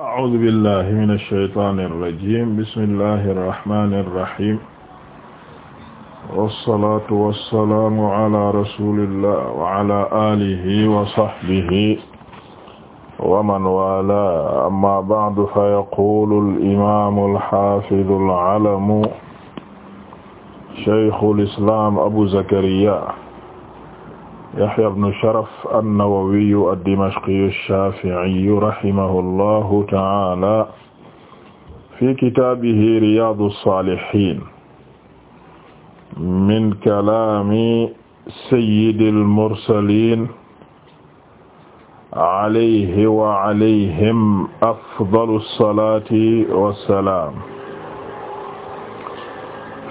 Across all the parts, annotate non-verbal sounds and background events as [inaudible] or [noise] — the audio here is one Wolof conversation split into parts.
أعوذ بالله من الشيطان الرجيم بسم الله الرحمن الرحيم والصلاة والسلام على رسول الله وعلى آله وصحبه ومن والاه أما بعد فيقول الإمام الحافظ العلم شيخ الإسلام أبو زكريا يحيى بن شرف النووي الدمشقي الشافعي رحمه الله تعالى في كتابه رياض الصالحين من كلام سيد المرسلين عليه وعليهم أفضل الصلاة والسلام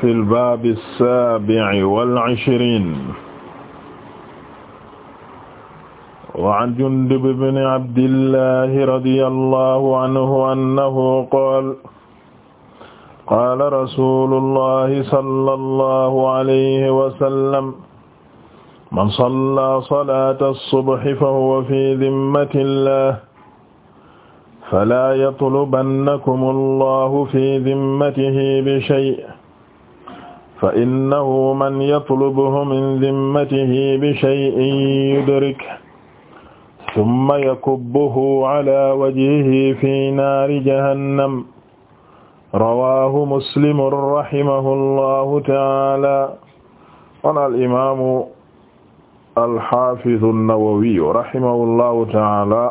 في الباب السابع والعشرين wa an Jundub ibn Abdillah radiyallahu anhu annahu qaala qaala rasuulullahi sallallahu alayhi wa sallam man sallaa salaata as-subhi fahuwa fi dimmati llah falaa yatlubannakum allahu fi dimmatihi bishay' fa innahu man yatlubhu min dimmatihi bishay'in yudrik ثم يكبه على وجهه في نار جهنم رواه مسلم رحمه الله تعالى قال الإمام الحافظ النووي رحمه الله تعالى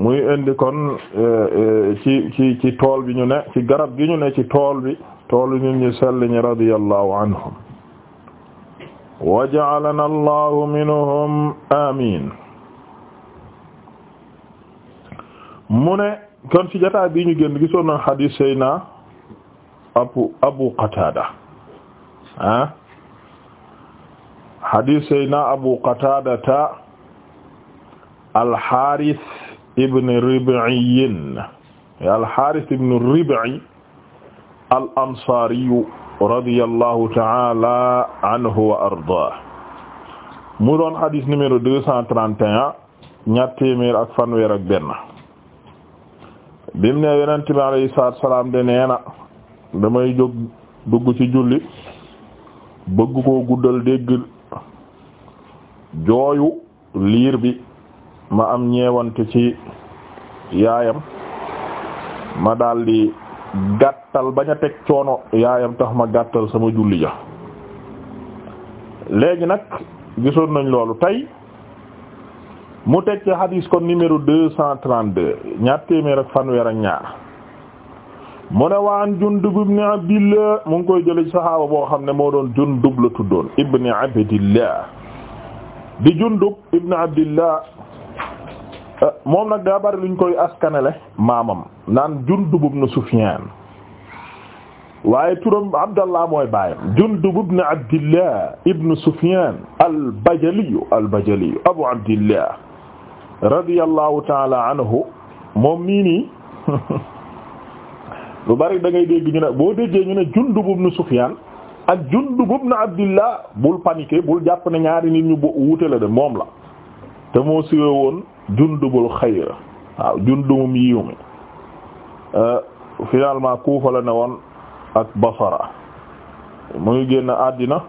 muy indi kon eh, eh, ci ci ci tool bi ñu ne ci garab gi ñu ne ci tool bi tool bi ñu ñu sell ñi radiyallahu anhum waj'alana allahu minhum amin mu ne kon ci jotaay bi ñu génn gisoon na hadis sayna abu abu qatada ah hadis sayna abu qatada ta alxaaris ibn rib'iyin alxaaris ibn rib'i al ansariyu radiyallahu ta'ala anhu wa ardaah mu doon xadis numéro deux cent trente et un ñaar téeméer ak fanweer ak benn bim ne yonent bi salaam de nee na damay jóg dugg ci julli bëgg ko guddal dégg jooyu liir bi ma am ñeewante ci yaayam ma daldi gàttal bañ a teg coono yaayam tax ma gàttal sama julli ja léegi nag gisoon nañ loolu tey mu teg ci hadis kon numéro deux cent trente-deux ñaar téeméer ak fanweer ak ñaar mu ne waan Jundub ibn Abdillah mu ngi koy jële ci saxaaba boo xam ne moo doon Jundub la tuddoon ibn Abdillah di Jundub ibn Abdillah moom nag daa bari luñ koy askanale maamam naan Jundub ibn Sufyaan waaye turom Abdallah mooy baayam Jundub ibn Abdillah ibn Sufyaan al-Bajaliyu al-Bajaliyu Abu Abdillah radiyallahu ta'ala anhu moom mii nii [laughs] lu bari da dégg ñu ne boo déggee ñu ne Jundub ibn Sufyaan ak Jundub ibn Abdillah bul paniquer bul jàpp ne ñaari nit ñu wuute la de moom la te moo siwe woon jundubul xayr waaw jundubum yiw mi eh, finalement Kufa la ne woon ak Basra mu ngi génn àddina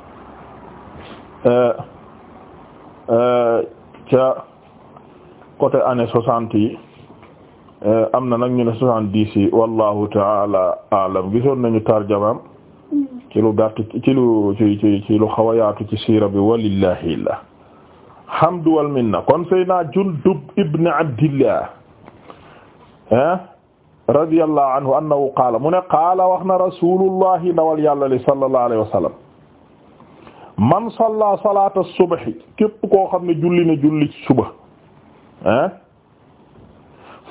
eh, eh, ca côté année soixante yi am na nag ñu ne soixante dix yi wallahu taala alam gisoon nañu tarjamaam ci lu gàtt ci lu ci ci lu xaw a yaatu ci siira bi walillahi la hamdu wal minna kon Seydina Jundub ibn Abdillah ah radiyallahu anhu annahu qaala mu ne qaala wax na rasulullahi ndawal yàlla li sallallahu alayhi wa sallam man salla salaata subhi képp koo xam ne julli na julli ci suba ah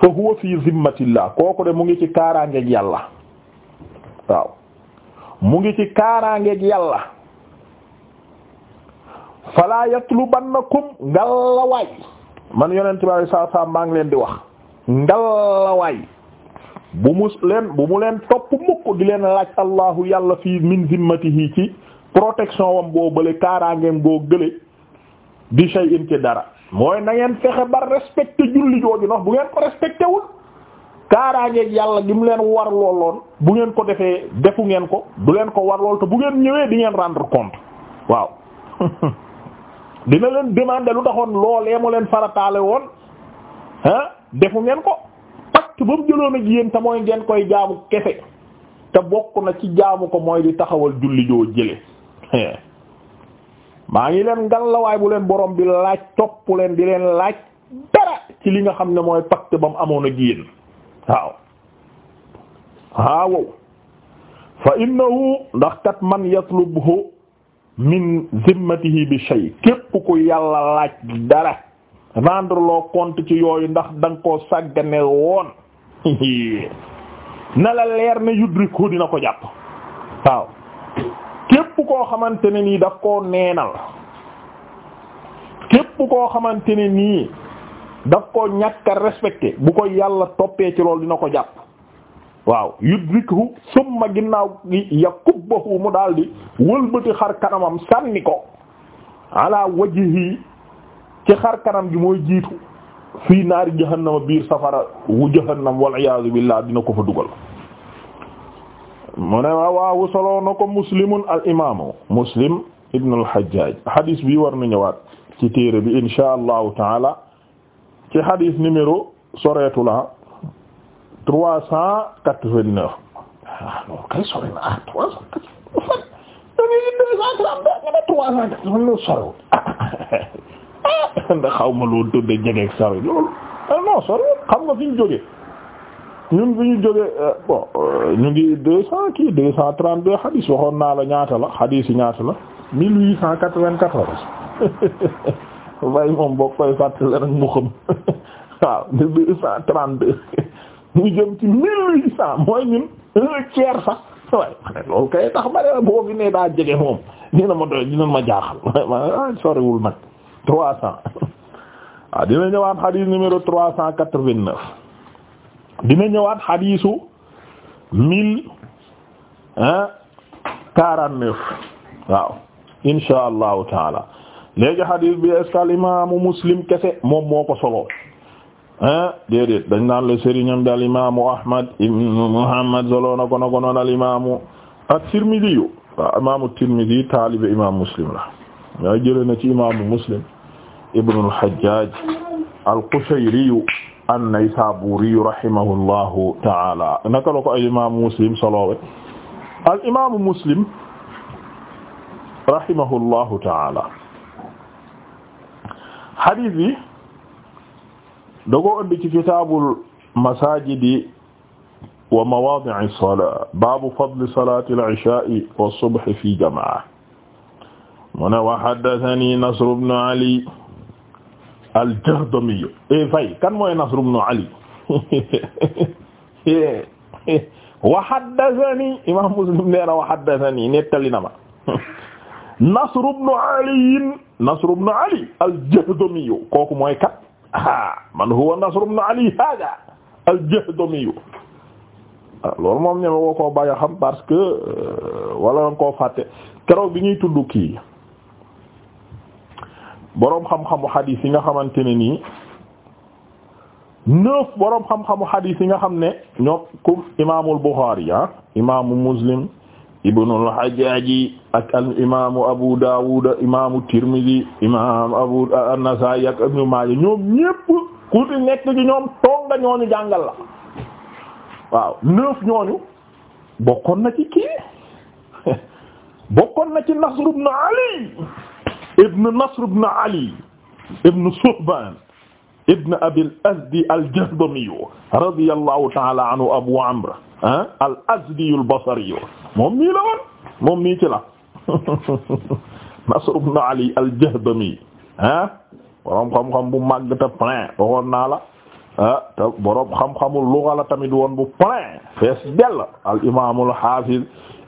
fa huwa fi zimmatillah kooku de mu ngi ci kaaraangeeg yàlla waaw mu ngi ci kaaraangeeg yàlla fala yatlubannakum ngallawaay man yonent bi saa saa maa ngi leen di wax ngallawaay bu mu leen bu mu leen topp mukk di leen laaj allahu yàlla fii min zimmatihi ci protection wam boo bële kaaraangeem goo gële di shay'in ci dara mooy na ngeen fexe ba respecté julli jooju ndax bu ngeen ko respecté wul kaaraangeeg yàlla gi mu leen war looloon bu ngeen ko defee defu ngeen ko du leen ko war lool te bu ngeen ñëwee di ngeen rendre compte waaw [laughs] dina leen demander lu taxoon loolee mu leen farataale woon ah defu ngeen ko pacte ba mu jëloon a yéen te mooy ngeen koy jaamu kese te bokk na ci jaamu ko mooy di taxawal julli joo jële [laughs] maa ngi leen ngal lawaay bu leen boroom bi laaj topp leen di leen laaj dara ci li nga xam ne mooy pacte ba mu amoon ak yéen waaw waaw fa innahu ndax kat man yatlubhu min yi di say képp ku yàlla laaj dara rendre loo compte ci yooyu ndax da nga koo sàggane woon [laughs] na la leer ne yudriku dina ko jàpp waaw képp koo xamante ne nii daf koo neenal képp koo xamante ne nii daf koo ñàkk a respecté bu ko yàlla toppee ci loolu dina ko jàpp waaw yudrikhu summa ginnaaw gi yakubbahu mu daal di wëlbati xar kanamam sànni ko ala wajhi ci xar kanam gi mooy jiitu fii naari jahannama biir safara wu jahannam wal iyaadu billah dina ko fa dugal mu ne waawu solo na ko muslimun al imaamu muslim ibn al hajjaj hadis bi war na ñëwaat ci téere bi insha allahu taala ci hadis numéro soreetu la trois cent quatre-vingt-neuf ah loolu kay sori na ah, trois cent quatre-vingt-neuf da ngay indi deux cent trente-deux nga ne trois [laughs] ah, xaw ma loo tudde jegeeg sori loolu ah non soriwul xam nga fi ñu jógee ñun fi ñu jógee euh, bon euh, ñu ngi deux cent kii deux cent trente-deux xadiis waxoon naa la ñaata la xadiis yi ñaata la mille huit cent quatre-vingt-quatorze [laughs] waaye moom boo koy fàttali rek mu xam [laughs] waaw deux cent trente-deux ñu jëm ci mille huit cent mooy ñun un sax waaye ma ne kay tax ma boo fi ne daa jege moom dina ma doy dina ma jaaxal [laughs] ah soriwul nag trois cent waaw [laughs] ah dina ñëwaat xadiis numéro trois cent quatre-vingt-neuf dina ñëwaat xadiisu mille hein quarante-neuf waaw insha allahu taala léegi xadiis bi est al imaamu Muslim kese moom moo ko solo ah déedéet dañ naan le sëriñam di alimaamu Ahmad ibnu Muhammad solo na ko na ko noon alimaamu at-Tirmidhi yu waaw imaamu at-Tirmidhi taalibe imam Muslim la yaa jëlee na ci imaamu Muslim ibnu al-Hajjaj al-Qushayri an-Naysaburi rahimahullahu ta'ala naka la ko ay imaamu Muslim solowe al imaamu Muslim rahimahullahu ta'ala hadith bi da ko indi ci kitaabul masaajidi wa mawaadi'i salaa baabu fadli salaati al-ishaa'i wa subhi fi jamaa mu ne wa haddathanii Nasr ibn Ali al-Jahdami e, fay kan Ali [laughs] wa haddathanii na wa haddathanii [laughs] Ali Nasr ibn Ali al-Jahdami kat man huwa Nasr ibn Ali hada al-Jahdami ah, loolu moom ñeme woo koo bàyyi xam parce que euh, wala nga koo fàtte keroog bi ñuy tudd kii boroom xam-xamu xadiis yi nga xamante ne nii neuf boroom xam-xamu xadiis yi nga xam ne ñoo kum imaamul Buxaari ah imaamu Muslim ibnul hajjaaji ak al imaamu abu daawud imaamu tirmidi imam abu an-nasaa'i ak maaja ñoom ñépp ku ci nekk ci ñoom tonga ñooñu jàngal la ñooñu bokkoon na ci kii bokkoon na ci nasr ibn ali ibn nasr ibn ali ibn suhbaan ibn abil azdi aljahdamiyu radiyallahu taala anhu abu amr ah al azdiyu albasariyu moom nii la woon moom nii ci la [laughs] nasr ibn ali aljahdami ah boroom xam-xam bu màgg te plein waxoon naa la ah te boroom xam-xamul luga la tamit woon bu plein fees dell al imaam al haafiz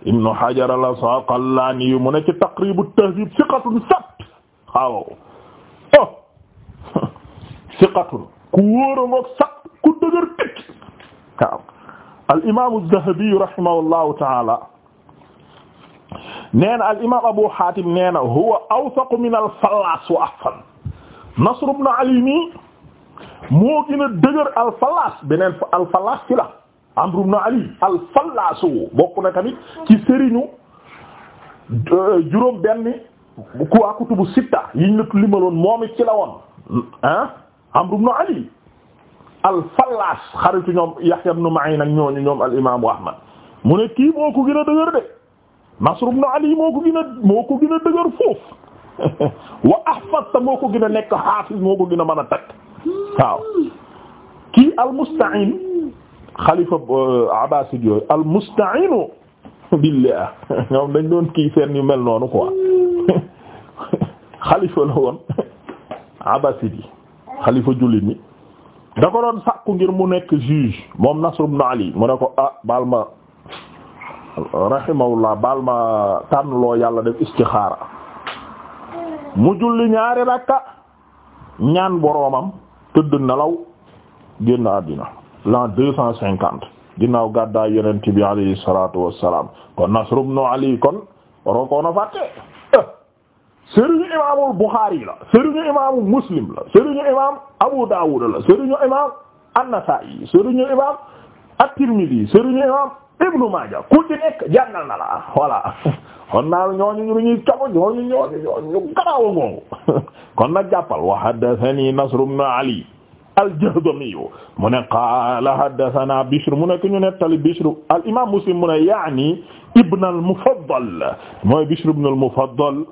ibn hajar al asqalaani mu ne ci taqrib at-tahdhib thiqatun sabt waaw oh, siqatun ku wóor a ngoog sax ku dëgër këcc waaw al imaamu az-Zahabi rahimahullahu ta'ala nee na al imaam Abu Hatim nee na huwa awthaqu min al-Fallaas wa ahfad Nasr ibn Ali nii moo gën a dëgër al-Fallaas beneen al-Fallaas ci la Amr ibn Ali al-Fallaas bokk na tamit ci sëriñu euh, juróom benn ku kutubu sitta yiñ la limaloon moom it ci la woon ah. Amr ibn Ali al-Fallaas xaritu ñoom Yahya ibn Ma'in ak ñooñu ñoom al imaamu Ahmad mu ne kii moo ko gën a dëgër de Nasr ibn Ali moo ko gën a moo ko gën a dëgër foofu [laughs] wa ahfaz ta moo ko gën a nekk hafiz moo ko gën a mën a takk waaw kii al-Musta'in xalifa euh, Abbasid yooyu al-Musta'inu billah [laughs] ñoom dañ doon kii seen yu mel noonu quoi [laughs] xalifa la woon Abbasid yi xalifa jullit ñi da ko doon sàkku ngir mu nekk juge moom Nasr ibn Ali mu ne ko ah baal ma rahimahullah baal ma tànnloo yàlla def istixaara mu julli ñaari rakka ñaan boroomam tëdd nelaw génn àddina l'an deux cent cinquante ginnaaw gàddaay yonent bi alayhi salaatu wassalaam kon Nasr ibn Ali kon waroo fàtte sëriñu imaamul Bukhari la sëriñu imaamu Muslim la sëriñu imaam Abu Dawud la sëriñu imaam An-Nasa'i sëriñu imaam At-Tirmidhi sëriñu imaam Ibnu Maaja ku ci nekk jàngal na la voilà kon naal ñooñu ñu ñuy topp ñooñu ñooñu ñooñu garaaw a ngoogu kon nag jàppal wa haddathani Nasr ibn Ali al-Jahdami mu ne qaala haddathana Bishr mu ne ku ñu nettali Bishr al-imaam Muslim mu ne yaani Ibn al-Mufaddal mooy Bishr ibn al-Mufaddal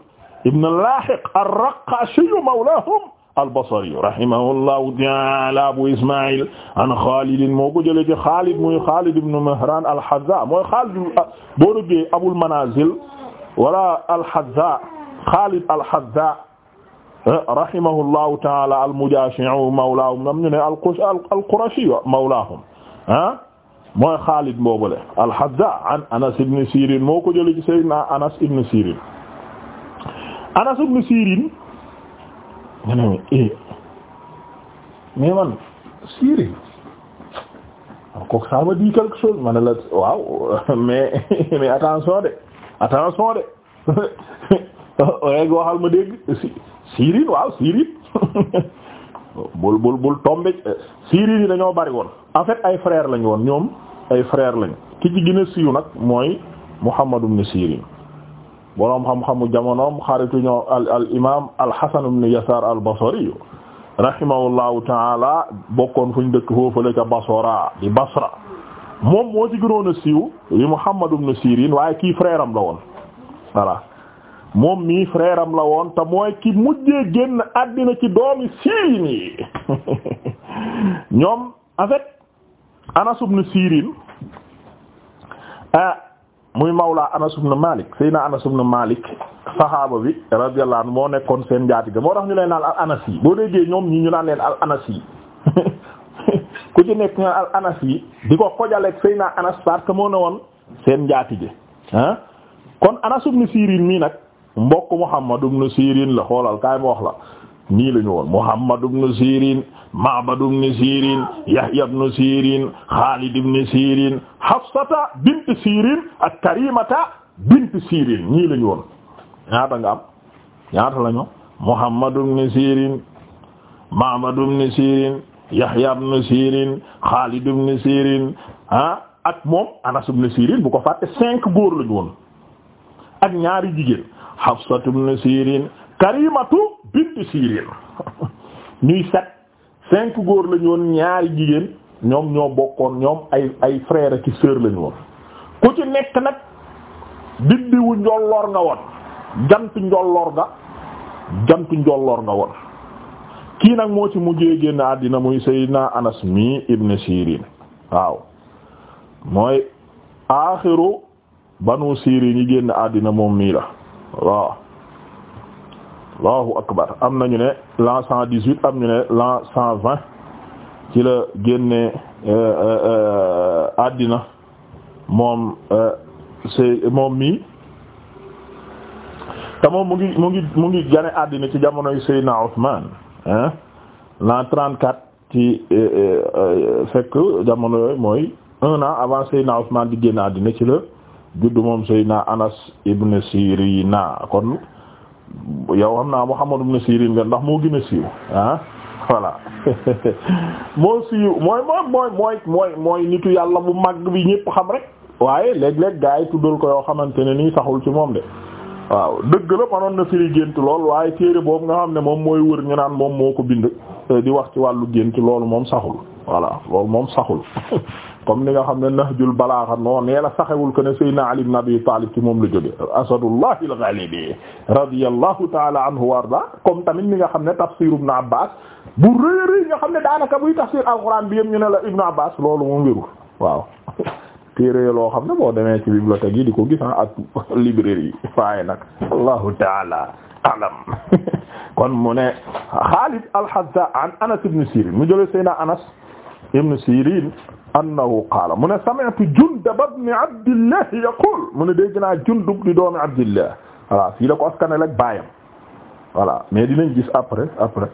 ibn Laahiq ar-Raqaashi mawlaahum al-Basri rahimahullahu ta'aala Abu Ismaa'il an Xaalid moo ko jëlee ci Xaalid muy Xaalid ibn Mihraan al-Hazza mooy Xaalid boo déggee Abul Manaazil wala al-Hazza Xaalid al-Hazza rahimahullahu ta'aala al-Mujaashi'u mawlaahum nam ñu ne al-Qurashi mawlaahum ah mooy Xaalid boobule al-Hazza an Anas ibn Sirin moo ko jëlee ci Sayyidina Anas ibn Sirin Anas ibn Sirin ma ne eh. mais man Sirin ah, kooku ça me quelque chose ma ne la waaw [laughs] [laughs] mais attention de attention de [laughs] waxal ma dégg Sirin waaw Sirin bul bul bul tombe Sirin yi dañoo bari woon en ay frères lañ woon ñoom ay frères lañ ki ci gën siiw nag mooy Muhammad ibn Sirin boroom xam-xamu jamonoom xaritu ñoo al al imaam al Hasan ibn Yasaar al Basri rahimahullahu taala bokkoon fu ñu dëkk foofule ca Basora di Basra moom moo ci gënoon siiw yi Muhammad ibn Sirin waaye kii frère la woon voilà moom mii frère la woon te mooy ki mujjee génn àddina ci doomi Sirin [laughs] ñoom en Anas ibn Sirin ah, muy mawla Anas ibn Malik Seydina Anas ibn Malik saxaaba bi radiyallahu anhu moo nekkoon seen njaatige moo tax ñu leen naan al anas yi boo déggee ñoom ñu ñu naan leen al anas yi [laughs] ku ci nekk ñu al anas yi di ko xojaleeg Seydina Anas parce que moo ne woon seen njaatige ah kon Anas ibn Sirin mii nag mbokk Muhammad ibn Sirin la xoolal kaay ma wax la nii la ñu woon Muhammad ibn Sirin Ma'bad ibn Sirin Yahya ibn Sirin Khalid ibn Sirin Hafsata bint Sirin ak Karimata bint Sirin nii la ñu woon ñaata nga am ñaata la Muhammad ibn Sirin Ma'bad ibn Sirin Yahya ibn Sirin Khalid ibn Sirin ak moom Anas ibn Sirin bu ko fàtte cinq góor la woon ak ñaari jigéen Hafsatu ibn Sirin karimatu binti siirin ñuy set cinq góor lañu woon ñaari jigéen ñoom ñoo bokkoon ñoom ay ay frère ak sœur lañu woon ku ci nekk nag biddiwu njolloor nga woon jant njolloor nga woon kii nag moo ci mujjee génn àddina muy Seydina Anas mi ibn Sirin waaw mooy aaxiru banu Sirin yi génn àddina moom mii la waaw allahu akbar am nañu ne l'an cent dix-huit am ñu ne l'an cent vingt ci génne euh, euh, euh, àddina moom c'est moom mi te moom mu ngi mu ngi mu ngi gane àddina ci jamonoy Seydina Ousmane hein l'an trente-quatre ci fekk jamono yooyu mooy un an avant Seydina Ousmane di génn juddu moom Seydina Anas ibn Sirina kon yow xam naa Muhammad ibn Sirin nga ndax moo gën a siiw ah voilà [laughs] moo siiw mooy mooy mooy mooy mooy nitu yàlla bu mag bi ñëpp xam rek waaye léeg-léeg gaa yi tuddal ko yoo xamante ne nii saxul ci moom de waaw dëgg la manoon na firi gént lool waaye téere boobu nga xam ne moom mooy wër ñu naan moom moo ko bind eh, di wax ci wàllu gént loolu moom saxul voilà loolu moom saxul [laughs] comme ni nga xam ne nahjul balaaxa noo nee la saxewul ko ne saydna ali ibn abi talib ci moom la jóge asadullahi al-ghalibi radiyallahu taala anhu wa arda comme tamit ni nga xam ne tafsir ibn abbas bu rëy rëy nga xam ne daanaka buy tafsir alquran bi yëpp ñu ne la ibn abbas loolu moom wérul waaw [laughs] téere loo xam ne boo demee ci bibliothèque yi di ko gis ah, ak [laughs] librairie yi waaye nag allahu taala alam [laughs] kon mu ne xaalid al-hazza an anas ibn sirin mu jële saydna anas ibn Sirin annahu qaala mu ne sami'tu Jundub ibn Abdillah yaqul mu ne dégg naa Jundub di doomi Abdillah voilà fii la ko askanale ak baayam voilà mais dinañ gis après après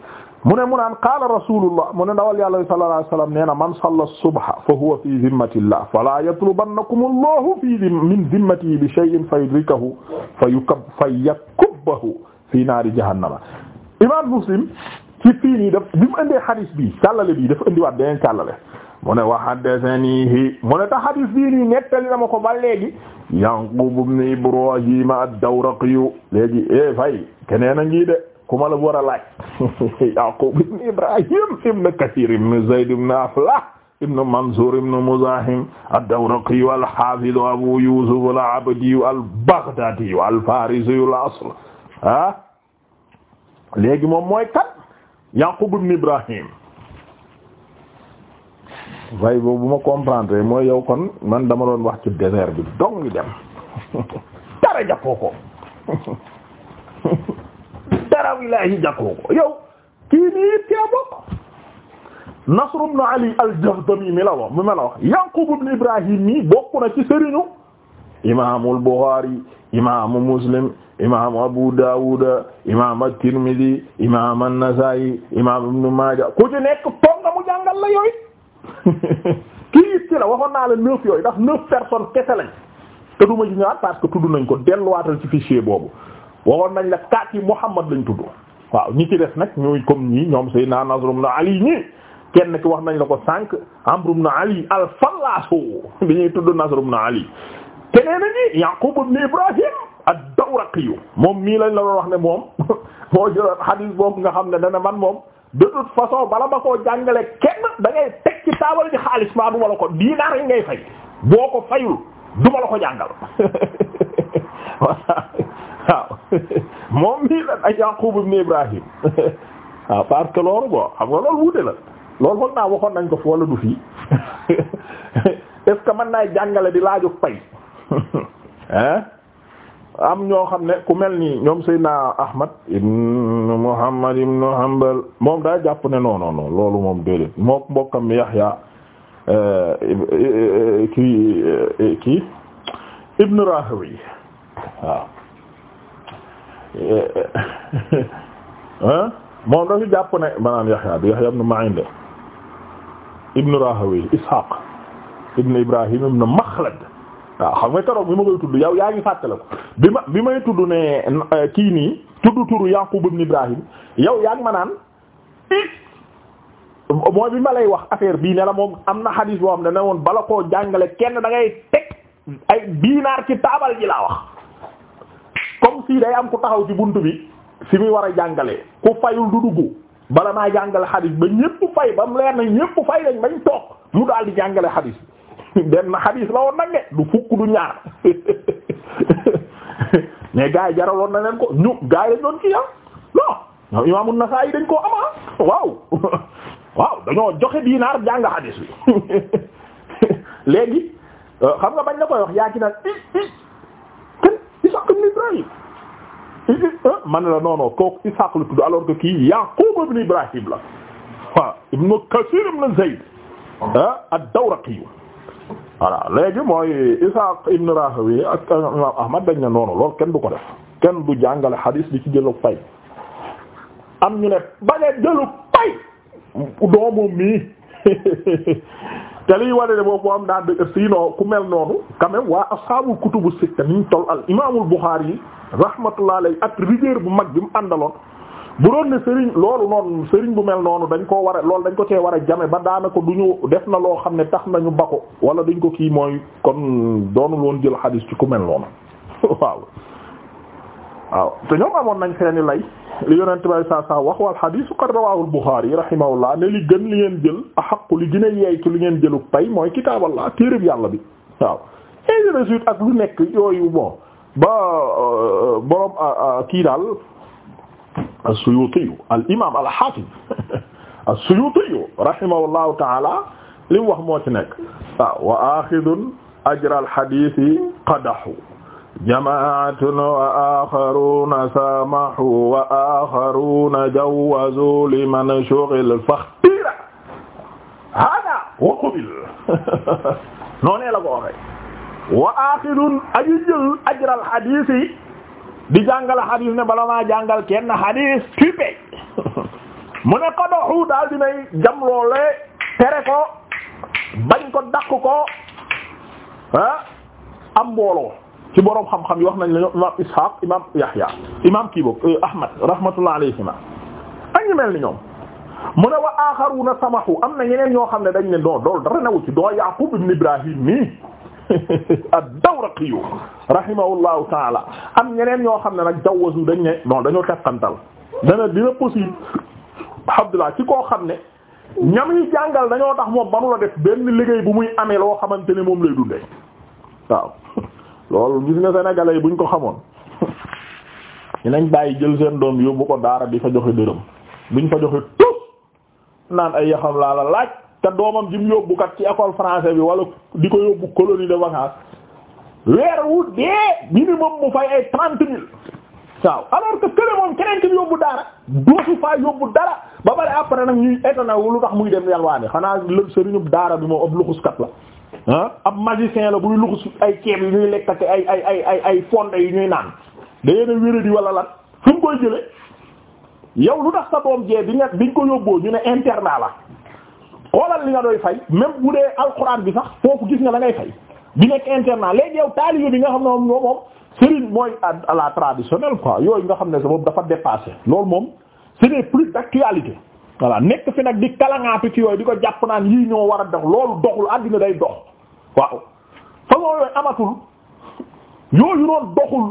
mu ne mu naan qaala rasulullah mu ne ndawal yàlla sallallahu alayhi wasallam nee na man salla subha fa huwa fi zimmatillah fala yatlubannakum allahu fi min zimmatihi bi shay'in fa yudrikahu fa yukab fa yakubbahu fi naari jahannama imam Muslim ci fii nii daf bi mu indee xadis bi càllale bii dafa indiwaat beneen càllale mu ne wa haddathanihi mu ne tax xadis bii nii nettali ma léegi Yaqub ibn Ibrahim ad-Dawraqi léegi eh fay keneen a ngi de ku ma la war a laaj [laughs] Yaqub ibn Ibrahim ibn Kathir ibn Zayd ibn Aflah ibn Mansur ibn Muzahim ad-Dawraqi al-Hafiz Abu Yusuf al-Abdi al-Baghdadi al-Farisi al-asl ah léegi moom mooy kat Yaqub ibn Ibrahim waaye boobu bu ma comprendre mooy yow kon man dama doon wax ci désert bi dong dem [laughs] dara jàppoo ko [laughs] dara wallaahi jàppoo yow kii nii it bokk Nasr ibn Ali al mi la wax mi mel la wax Yaqub ibn Ibrahim mi bokk na ci sëriñu imaamul Buxaari imaamu Muslim imaamu Abu Dawud imaamu at-Tirmidi imaamu an-Nasaa'i imaamu ku ci nekk toog mu jàngal la yooyu [laughs] kii it ci la waxoon naa la neuf yooyu ndax neuf personnes kese lañ te duma ci parce que tudd nañ ko delluwaatal ci fichier boobu waxoon nañ la kaat yi Muhammad lañ tudd waaw ñi ci des nag ñooy comme ñii ñoom naa Nasr ibn Ali ñii kenn ki wax nañ la ko sànq Amr ibn Ali al-Fallaas bi ñuy tudd Nasr ibn Ali keneen a ngi Yaqub ibn Ibrahim ad-Dawraqi moom mii lañ la doon wax ne moom [laughs] moo jëloon hadith boobu nga xam ne dana man moom de façon bala ma koo jàngale kenn da ngay teg ci taabal ji xaalis maa du la ko diinaar yi ngay fay boo ko fayul du ma la ko jàngal [laughs] waaw [laughs] moom mii lan ay Yaqub Ibrahim parce que loolu bon xam nga loolu wuute la loolu foog naa waxoon nañ ko fi wala du fii est que mën naa jàngale di laaju pay hein am ñoo xam ne ku mel ni ñoom Seydina Ahmad ibn Muhammad ibn Hanbal moom daa jàpp ne non loolu moom déedéet mook mbokkam mi Yahya euh, kii euh, kii Ibn Rahawi waaw euh, hein moom dafa jàpp ne maanaam Yahya bi Yahya ibn Ma'in Ibn Rahawi Ishaq ibn Ibrahim ibn Makhlad waaw xam nga keroog bi ma koy tudd yow yaa ngi fàttale ko bi ma bi may tudd ne eh, kii nii tudd turu Yaqub ibn Ibrahim yow yaa ngi ma naan eh, mooy bi ma lay wax affaire bii ne la moom am na xadiis boo xam ne ne woon bala koo jàngale kenn da ngay teg ay dinaar ci taabal ji laa wax comme si day am ku taxaw ci bunt bi si muy war a jàngale ku fayul du dugg bala naa jàngale xadiis ba ñépp fay ba mu leer na ñépp fay dañ bañ toog mu daal di jàngale xadiis [laughs] benn xadiis la woon nag ne du fukk du ñaar [laughs] mais gars jaraloon na leen ko ñu gars yi dañ doon kii ah non Imaam an dañ koo ama ah. waaw [laughs] waaw dañoo joxe diinaar jàng xadiis léegi euh, xam nga bañ la koy wax yaa ci naan i i kan Isaaq ibn Ibrahim ah, man la non non kooku la tudd alors que kii Yaqub ibn Ibrahim la waaw ibn Kasir ibn Zayd ah, ad-Dawraqi voilà léegi mooy Isaaq ibn Rahawi ak imam Ahmad dañ ne noonu lool kenn du ko def kenn du jàngale hadis bi ci jëlu pay am ñu ne baña jëlu pay doomu mii [laughs] te liy wane ne boobu am daan siinoo ku mel noonu quand même waa ashaabul kutubu sitta niñ tol al imaamul Buxaari yi rahmatullah alayhi ak rigueur bu mag bi mu àndaloon bu doon ne sëriñ loolu noonu sëriñ bu mel noonu dañ koo war lool dañ ko cee war a jame ba daanaka du ñu def na loo xam ne tax nañu ba ko wala dañ ko kii mooy kon doonu woon jël xadis ci ku mel noonu [laughs] waaw waaw te ñoom amoon nañ seeni lay li yonent bay saa saa wax wal xadiisu qad rawaahul Buxaari rahimahullah ne li gën li ngeen jël a xaqu li gën a li ngeen jëlu pay mooy kitaaballah téeréb yàlla bi waaw et de suite ak lu nekk yooyu bon ba euh, boroom euh, kii daal as-Suyuti al imaam al haafiz [laughs] as-Suyuti rahimahullahu taala li mu wax moo ci nekk. waaw ah, wa aaxidun ajra al hadiisi qadahu jamaatun wa aaxaruuna saamahu wa aaxaruuna jawwazu liman shughil faxtira haadaa wa qubil [laughs] noonee la ko waxee wa aaxidun ajra al hadiisi di jàngal xadis ne bala maa jàngal kenn xadis tupe [laughs] mu ne ko doxu daal dinay jam loole tere ko bañ ko dàq ko ah am mbooloo ci boroom xam-xam yi wax nañ la imam Ishaq imam Yahya imam kii boog eh, Ahmad rahmatullah alayhima ak ñu ni ñoom mu ne wa axaruna samahu am na ñeneen ñoo xam ne dañ ne doo dool dara ne ci dool Yaqub ibn Ibrahim nii ad-Dawraqiyu rahimahullahu taala am ñeneen ñoo xam ne nag jawazu dañ ne non dañoo teqantal dana dina possible Abdullah ci koo xam ne ñam yi jàngal dañoo tax moom manula def benn liggéey bu muy amee loo xamante ne moom lay dundee waaw loolu gis nga sénégalais yi buñ ko xamoon dinañ bàyyi jël seen doom yóbbu ko daara di fa joxe dërëm buñ fa joxe tus naan ay yaxam laa la laaj te doomam mu yóbbukat ci école français bi wala di ko yóbbu colonie de vacances weer wu dee minimum mu fay ay trente mille waaw alors que kële moom keneen ki yóbbu dara dootu faa yóbbu dara ba bari après nag ñuy étonné lu tax muy dem yalwaane xanaa lëb sëriñub daara bi moom ab luxuskat la ah ab magicien la buy luxus ay ceeb yi ñuy lekk ak ay ay ay ay ay fonde yi ñuy naan da yéen wéradi wala lan fu mu koy jële yow lu tax sa doom jee bi nga biñ ñu ne internat la xoolal li nga doy fay même bu dee alxuraan bi sax foofu gis nga da ngay fay bi nekk internat léegi yow taalibe bi nga xam ne moom moom Serigne mooy à la traditionnelle quoi yooyu nga xam ne sa boobu dafa dépassé loolu moom ce n'est plus d'actualité voilà nekk fi nag di kalaŋaatu ci yooyu di ko jàpp naan yii ñoo war a dox loolu doxul àddina day dox waaw fa yooyu amatul yooyu noonu doxul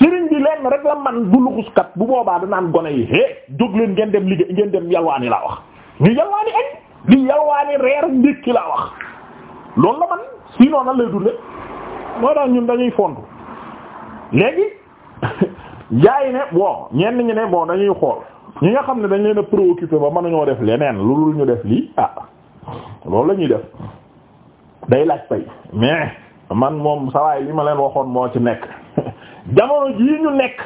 sëriñ bi leen rek la man du luxuskat bu boobaa da naan gone yi hé jóg leen ngeen dem liggéey ngeen dem yalwaani laa wax ñu yalwaani añ di yalwaani reer ndékki laa wax loolu la man sinon nan lay dunde moo tax ñun dañuy fontu léegi jaayi [laughs] ne bon ñenn ñi ne bon dañuy xool ñi nga xam ne dañ leen a préoccupé ba mënuñoo def leneen lu dul ñu def lii ah loolu la ñuy def day laaj pay mais man moom sawaay li ma leen waxoon moo ci nekk [laughs] jamono jii ñu nekk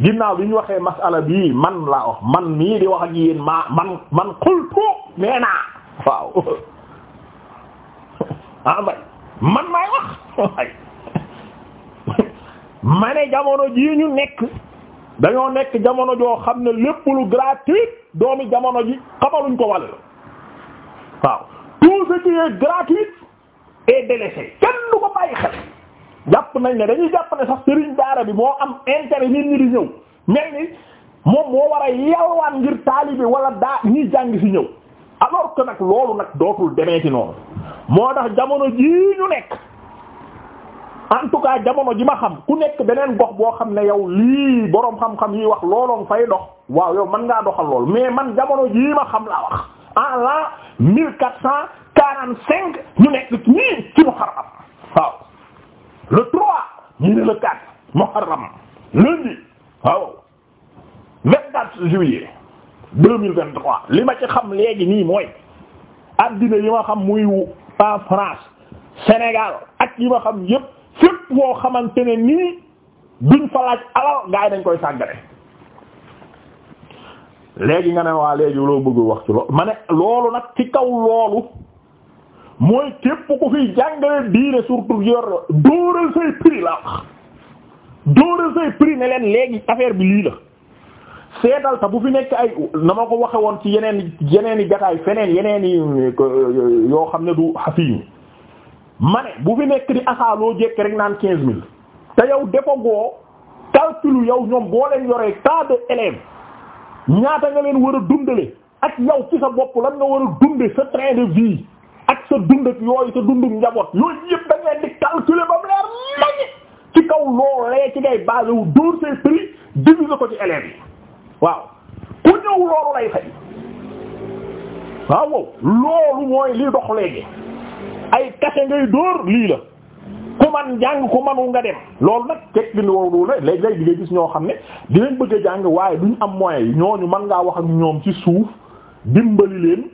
ginnaaw bi ñu waxee masala bii man laa wax man mii di wax ak yéen maa man man qultu nee naa waaw [laughs] ah bay man maay wax [laughs] ay [laughs] jamono jii ñu nekk dañoo nekk jamono joo xam ne lépp lu gratuit doomi jamono ji xamaluñ ko wàll waaw tout ce qui est gratuit est kenn du ko bàyyi xel jàpp nañ ne dañuy jàpp ne sax sëriñ daara bi moo am intérêt nit ñi di ñëw mel ni moom moo war a yalwaan ngir taalibe walla daa ñuy jàng ci ñëw alors que nag loolu nag dootul demeeti noonu moo tax jamono jii ñu nekk en tout cas jamono ji ma xam ku nekk beneen gox boo xam ne yow lii boroom xam-xam yi wax looloon fay dox waaw yow mën ngaa doxal lool mais man jamono ji ma xam laa wax en l'an mille quatre cent quarante cinq ñu nekk nii ci mu xarab waaw le trois ñu ne le quatre muharram lundi waaw vingt quatre juillet deux mille vingt trois li ma ci xam léegi nii mooy addina yi ma xam muy en France Sénégal ak yi ma xam yépp fépp woo xamante ne nii duñ fa laaj alal gaa yi dañ koy sàggane léegi nga ne waa léegi loo bëgg wax ci loolu ma loolu nag ci kaw loolu mooy képp ko fi jàngale diine surtout yor dóoral say prix la wax say prix ne leen léegi affaire bi lii la seetal ta bu fi nekk ay na ma ko waxe woon ci yeneen yeneen i gataay feneen yeneen i euh, yoo xam ne du xafiyu ma ne bu fi nekk di asaaloo jekk rek naan quinze mille te yow defoo goo calcul yow ñoom boo leen yoree tas de élèves ñaata nga leen war a dundale ak yow ci sa bopp lan nga war a sa train de vie ak sa dund ak yooyu sa dundu njaboot yooyu yëpp da ngay di calculer ba mu leer nañu ci kaw ko ci élèves yi loolu lay fay waaw loolu mooy li dox léegi ay kase ngay dóor lii la ku man jàng ku manu nga dem loolu nag teg li loolu la léeg-léeg di nga gis ñoo xam ne dinañ bëgg a jàng waaye duñ am moyens yi ñooñu mën ngaa wax ak ñoom ci suuf dimbali leen.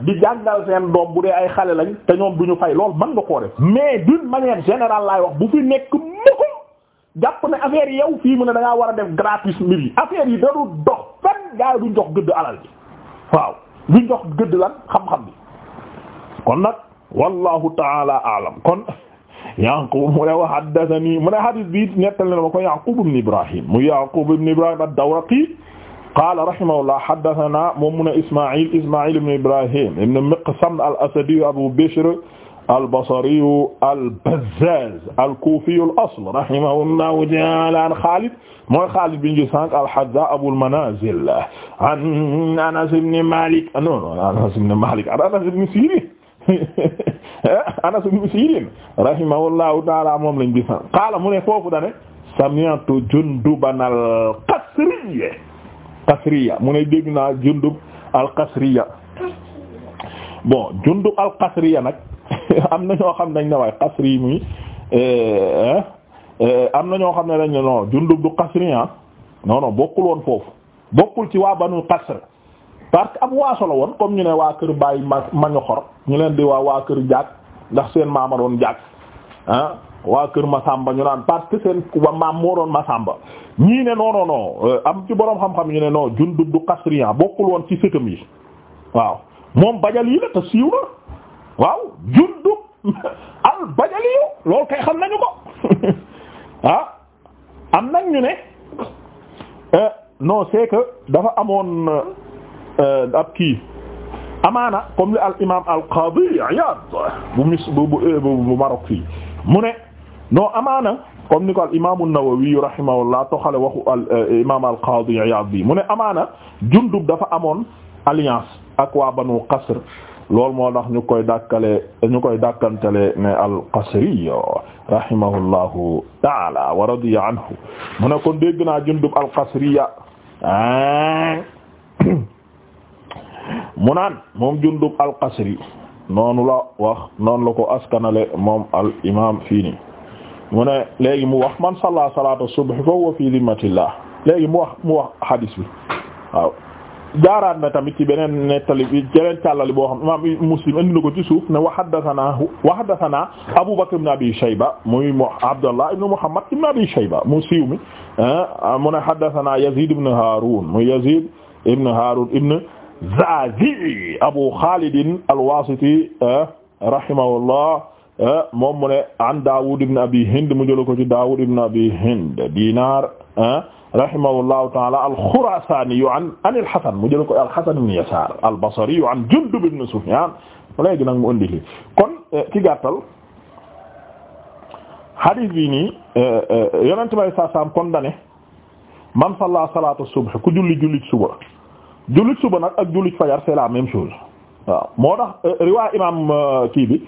di jàngal seen doom bu dee ay xale lañ te ñoom du ñu fay lool mën nga koo def mais d'une manière générale laay wax bu fi nekk mukkum jàpp ne affaire yi yow fii mu ne da ngaa war a def gratuit mbir yi affaire yi daru dox fenn gaa yi duñ jox gëdd alal bi waaw duñ jox gëdd lan xam-xam bi kon nag wallahu taala alam kon [laughs] Yaqub mu ne wa haddathani mu ne hadith bi nettali na ma ko Yaqub ibn Ibrahim mu Yaqub ibn Ibrahim ad-Dawraqi qaala rahimahullah haddathana moom mu ne Isma'il Isma'il ibn Ibrahim ibn Miqsam al-Asadi Abu Bishr al-Basri al-Bazzaz al-Kufi al-asl rahimahullahu ta'ala an Khalid mooy Khalid bin Jusanq al-Hadda Abu al-Manazil an Anas ibn Malik ah, non non Anas ibn Malik Anas ibn Sirin [laughs] Anas ibn Sirin rahimahullahu ta'ala moom lañ gisan qaala mu ne foofu dane sami'tu Junduban al-Qasri qasriya mu ne dégg naa jundub al qasriya bon jundub al qasriya nag [laughs] am na ñoo xam nañ ne waaye qasri mi eh, eh, eh, am na ñoo xam ne dañ ne non jundub du qasriya ah. non bokkul woon foofu bokkul ci waa banu qasr parce que ab waaso la woon comme ñu ne waa kër Baye ma Mañoxor ñu leen di waa waa kër Jaak ndax seen maama doon Jaak ah waa kër ma Masamba ñu naan parce que seen maam moo doon Masamba ñii ne non euh, am ci boroom xam-xam ñu ne non Jundub du Qasriyan bokkul woon ci sëtam yi waaw moom Bajali la te waaw Jundub [laughs] al Bajali yu loolu kay xam nañu ko [laughs] ah am nag ñu ne euh, non c'est dafa amoon euh, ab kii amaana comme li al imaam al Qadi Iyad bu mis bu bu Marok fii mu ne non amaana. comme ni ko al imaamu an-Nawawi rahimahullah toxale waxu al euh, mu ne amaana Jundub dafa amoon alliance ak waa Banu Qasr loolu moo dax ñu koy dàkkale ñu koy dàkkantale ne al-Qasri rahimahullahu ta'ala wa mu ne kon dégg naa Jundub al-Qasriya [coughs] mu naan moom Jundub al noonu la wax noonu la ko askanale moom al imaam fii mu ne léegi mu wax man salla salaata subhi fa huwa fi dhimmatillah léegi mu wax mu wax hadis bi waaw jaaraat na tamit ci beneen nettali bi beneen càllali boo xam imam Muslim indi na ko ci suuf ne wa haddathana wa haddathana Abu Bakr ibn Abi Shayba muy Abdullah ibn Muhammad ibn Abi Shayba mu siiw mi ah, mu ne haddathana Yazid ibn Harun muy Yazid ibn Harun ibn Zazi Abu Khalid al-Wasiti ah, rahimahullah Eh, moom mu ne an Daawud ibn Abi Hind mu jël ko ci Daawud eh, ta'ala al-Khurasani an al-Hasan mu jël ko al-Hasan ibn Yasar al-Basri an Jundub ibn Sufyan mu indi li kon eh, ci gàttal hadith bi nii yonent bay saa saam kon dane man salla salatu subh ku julli jullit suba jullit suba nag ak jullit fajar c'est la même chose imam kii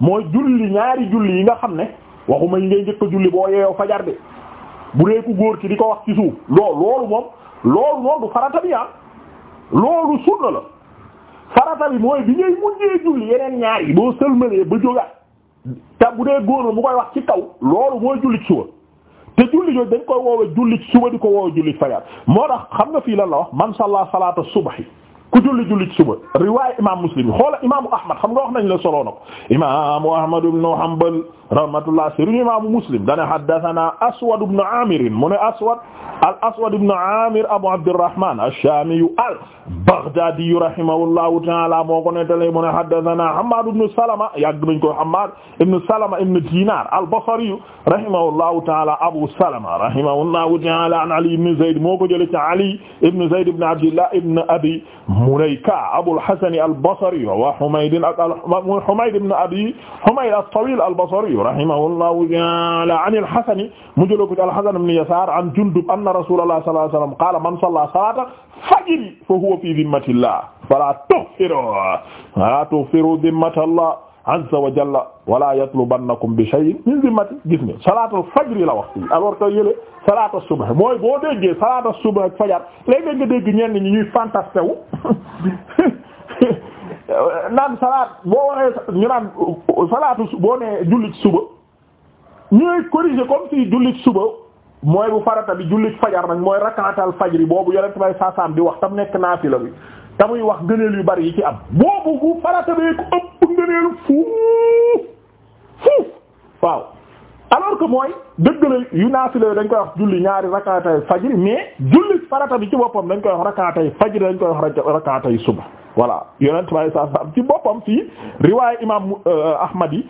mooy julli ñaari julli yi nga xam ne waxuma yi ngay njëkk a julli boo yeewoo fajar bi bu dee ku góor ki di ko wax ci suuf loo loolu moom loolu moom du farata bi ah loolu sunna la farata bi mooy bi ngay mujjee julli yeneen ñaar boo sëlmalee ba jógaat te bu dee góor la mu koy wax ci kaw loolu mooy julli ci suba te julli dañ koy woowe julli ci suba di ko woowe julli fajar moo tax xam nga fii lan la wax man salla salaata subhi ku julli julli ci suba riwaaya imam muslim yi xoola imaamu ahmad xam nga wax nañ la soloo na ko imamu ahmad ibn hanbal rahmatullah sëriñ imaamu muslim dane haddathana aswad ibn amir mu ne aswad al aswad ibn amir abu abdurrahman ash-shami al Baghdadi rahimahullahu ta'ala moo ko nettali mu ne haddathana Hammad ibn Salama yàgg nañ ko Hammad ibn Salama ibn Dinar al-Basri rahimahullahu ta'ala Abu Salama rahimahullahu ta'ala an Ali ibn Zayd moo ko jëlee ci Ali ibn Zayd ibn Abdillah ibn Abi Mulayka Abul Hasan al-Basri wa Humayd ak Humayd ibn Abi Humayd at-Tawil al-Basri rahimahullahu ta'ala an al-Hasan mu jëlee ko ci al-Hasan ibn Yasar an Jundub anna Rasulullah sallallahu alayhi wa sallam qala man salla salatan fajiri fa huwa fi dhimmatillah fala tughfiru fala tughfiru dhimmatallah azza wa jalla wala yatlubannakum bi shay'in min dhimmati gis nga salaatul fajri la wax fii alors que yële salaatul subh mooy boo déggee salaatul subh ak fajar léeg-léeg nga dégg ñenn ñi ñuy fantasté wu [laughs] naan salaat boo waxee ñu naan salaatu boo nee jullit suba ñooy corriger comme si jullit suba. mooy bu farata bi jullit fajar nag mooy faj fajri boobu yonent may saasaam di wax tam nekk naafila bi te muy wax ngëneel yu bari yi ci am boobu bu farata bee ko ëpp ngëneelu fuuf fuuf waaw alors que mooy dëgg la yu naafila yi dañ koy wax julli ñaari rakkaatay fajri mais jullit farata bi ci boppam dañ koy wax rakkaatay fajri dañ koy wax rakkaatay suba voilà yonent may saasaam ci boppam fii riwaayu imaam euh, Ahmad yi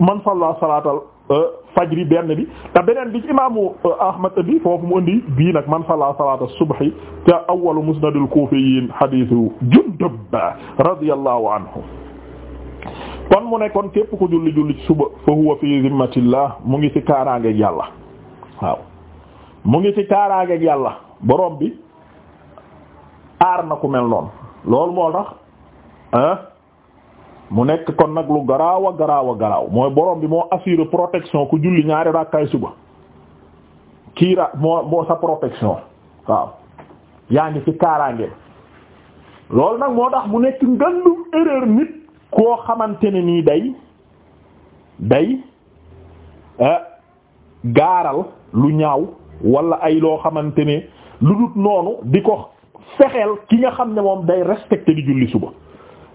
man salla salaatal euh, fajri benn bi te beneen bi ci imaamu euh, Ahmad abi foofu mu indi bii nag man salla salaatal subhi te awwalu musnadul kuufiyyiin hadiisu Jundub radiyallahu anhu kon mu ne kon képp ku julli julli ci fa huwa fi zimmatillah mu ngi ci kaaraangeeg yàlla waaw mu ngi ci kaaraangeeg yàlla boroom bi aar na ku mel noonu loolu moo tax mu nekk kon nag lu garaaw a garaaw a garaaw mooy borom bi moo assuré protection ku julli ñaari rakkaay suba kiira moo moo sa protection waaw yaa ngi ci kaaraange loolu nag moo tax mu nekk ngandum erreur nit koo xamante ne nii day day ah, gaaral lu ñaaw wala ay loo xamante ne lu dut noonu di ko fexeel ki nga xam ne moom day respecté di julli suba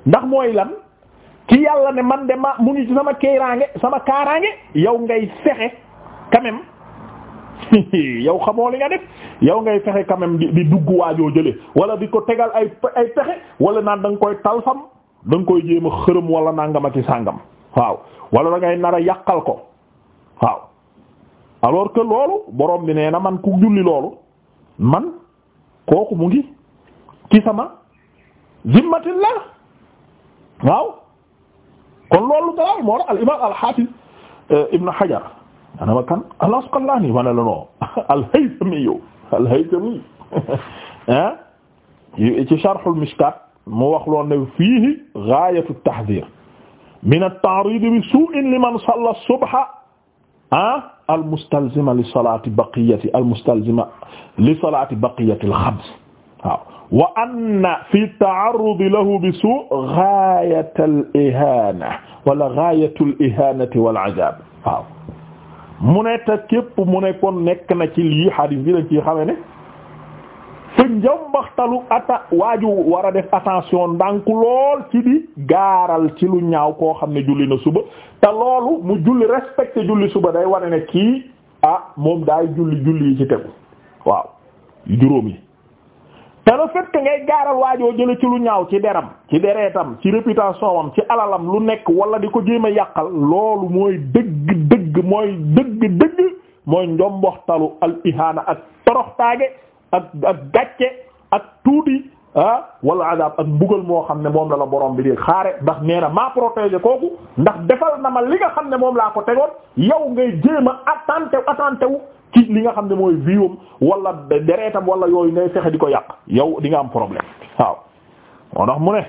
ndax mooy lan ci yàlla ne man de ma mu ngi ci sama kayraange sama kaaraange yow ngay fexe quand même [laughs] yow xamoo li nga def yow ngay fexe quand di di dugg waajoo jële wala di ko tegal ay ay pexe wala naan danga koy talsam da nga koy jéem a xërëm wala nangama ci sàngam waaw wala da nara yàqal ko waaw alors que loolu borom bi nee na man ku julli loolu man kooku mu ngi ci sama zimmatillah waaw kon loolu dara moo tax al imaam al hafiz euh, ibn hajar ana ma kan al asqalani ma ne la non [laughs] al haythami yow al haythami ah [laughs] ci sharh al mishkat mu wax loon ne fiihi gaayatu tahdhir min at-ta'rid bi su'in liman salla subha ah al mustalzima li salati baqiyati al mustalzima li salati baqiyati al khams waaw wa anna fi taarrudi lahu bi suu gaayat al ihana wala gaayatu l ihanati wal waaw mu ne te képp mu ne kon nekk na ci lii hadis bi dañ ci xamee ne fa njambaxtalu atta waaju war a def attention ndànk lool ci di gaaral ci lu ñaaw koo xam ne julli na suba te loolu mu julli respecté julli suba day wane ne kii ah moom daay julli julli yi ci tegu waaw juróom yi te le fait ngay gaaral waajoo jële ci lu ñaaw ci deram ci dereetam ci réputation am ci alalam lu nekk wala di ko jéem a yàqal loolu mooy dëgg dëgg mooy dëgg dëgg mooy njomboxtalu al ihaana ak toroxtaage ak ak gàcce ak tuuti ah wala azab ak mbugal moo xam ne moom la la borom bi di xaare ndax nee maa protégé kooku ndax defal na ma li nga xam ne moom laa ko tegoon yow ngay jéem a attenté attenté wu ci li nga xam ne mooy viwam wala dereetam walla yooyu ngay fexe di ko yàq yow di nga am problème waaw moo tax mu ne lu ban na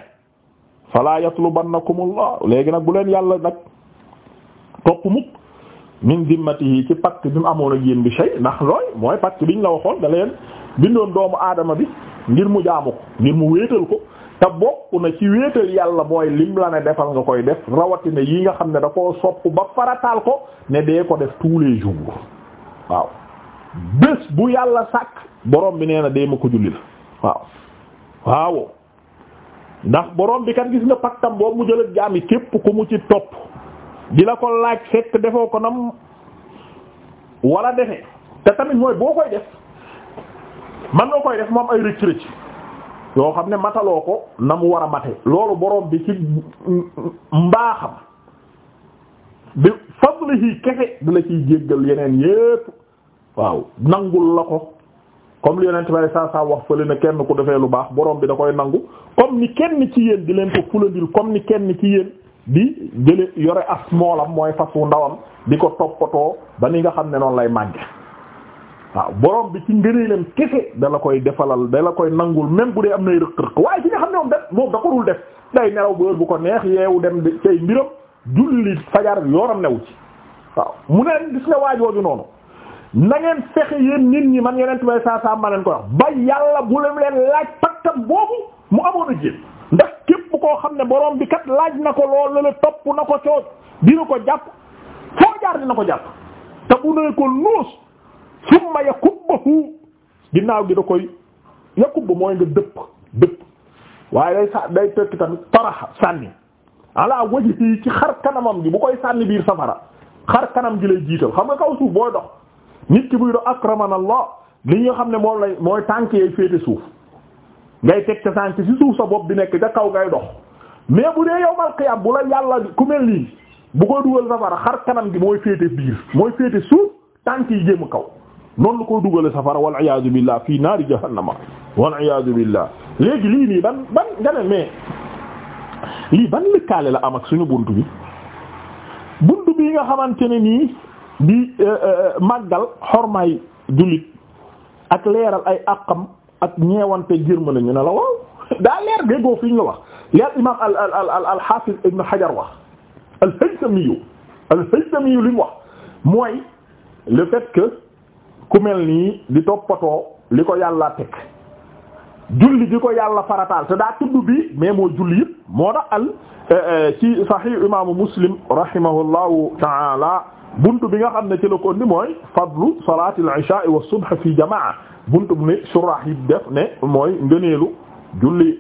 fala yatlubannakumullah léegi nag bu leen yàlla nag topp mukk min dimmatihi ci pacte bi mu amoon a yéen bi shay ndax looy mooy pacte biñ la waxoon da leen bindoon doomu aadama bi ngir mu jaamu ko ngir mu wéetal ko te bokk na ci wéetal yàlla mooy lim la ne defal nga koy def rawatina yi nga xam ne da koo sopp ba farataal ko ne dee ko def tous les jours waaw bés bu yàlla sàkk borom bi nee na dee ma ko julli la waaw waaw ndax borom bi kat gis nga pactam boobu mu jël ak jaam yi képp ku mu ci topp di la ko laaj fekk defoo ko nam wala defe te tamit mooy boo koy def man noo koy def moom ay rëcc rëcc yoo xam ne mataloo ko na mu war a mate loolu borom bi ci mbaaxam bi fadlihi kese di la ciy jéggal yeneen yépp waaw nangul la ko comme li yonent bari saa saa wax fële na kenn ku defee lu baax borom bi da koy nangu comme ni kenn ci yéen di leen ko fulandil comme ni kenn ci yéen di jële yore as moolam mooy fasu ndawam di ko toppatoo ba ni nga xam ne noonu lay màgge waaw borom bi ci ngëneelam kese da la koy defalal da la koy nangul même bu dee am nay rëq-rëq waaye ci nga xam ne moom de moom da ko dul def day nelaw bu bu ko neex yeewu dem cay mbiram julli fajar yoonam newu ci waaw mu ne gis nga waajooju noonu na ngeen fexe yéen nit ñi man yeneen tubay saa saa ma leen ko wax ba yàlla bu leen leen laaj pattam boobu mu amoon a ndax képp koo xam ne borom bi kat laaj na ko loolu la topp na ko coot dina ko jàpp foo jaar dina ko jàpp te bu ne ko nuus summa yakubbahu ginnaaw gi da koy yakubbu mooy nga dëpp dëpp waaye day sa day tekki tamit taraxa sànni. ala wajhi ci xar kanamam gi bu koy sànni biir safara xar kanam gi lay jiital xam nga kaw suuf booy dox nit ki buy dox akraman allah li nga xam ne moom lay mooy tànk yay féete suuf ngay teg ca sànk ci suuf sa bopp di nekk nga kaw ngay dox mais bu dee yowmal qiyam bu la yàlla ku mel nii bu koy dugal safara xar kanam gi mooy féete biir mooy féete suuf tànk yi jéem kaw noonu la koy dugale safara wal iyaadu billah fii naari jahannama wal iyaadu billah léegi lii nii lii ban lëkkaale la am ak suñu bunt bi bunt bi nga xamante ne nii di euh, euh, màggal xormaay jullit ak leeral ay àqam ak ñeewante girma nañu ne la waaw [laughs] daa leer déggoo fi ñu la wax li al imaam al al al al xaafiz ibn xajar wax al haytamiyu al haytamiyu li wax mooy le fait que ku mel nii di toppatoo li ko yàlla teg julli bi ko yàlla farataal te daa tudd bi mais moo julli yëpp moo tax al eh, eh, ci sahih imaamu muslim rahimahullahu taala buntu bi nga xam ne ci la ko indi mooy fadlu salaati al-isha wa subh fi jamaa buntu bi ni surah yi def ne mooy ngëneelu julli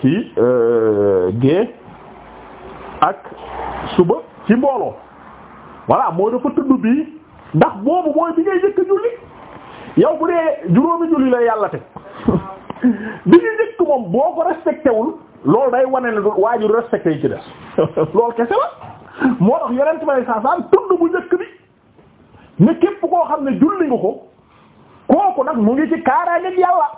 fii eh, gée ak suba ci mbooloo voilà moo dafa tudd bi ndax boobu mooy bi ngay jëkk julli yow bu dee juróomi julli la yàlla teg [laughs] [laughs] bi ñu njëkk moom boo ko respecté wul day wane ne waajur respecté yi ci des [laughs] loolu kese la moo tax yonent may saasaan tudd bu njëkk bi ne képp koo xam ne julli nga ko kooku nag mu ngi ci kaaraangeeg yàlla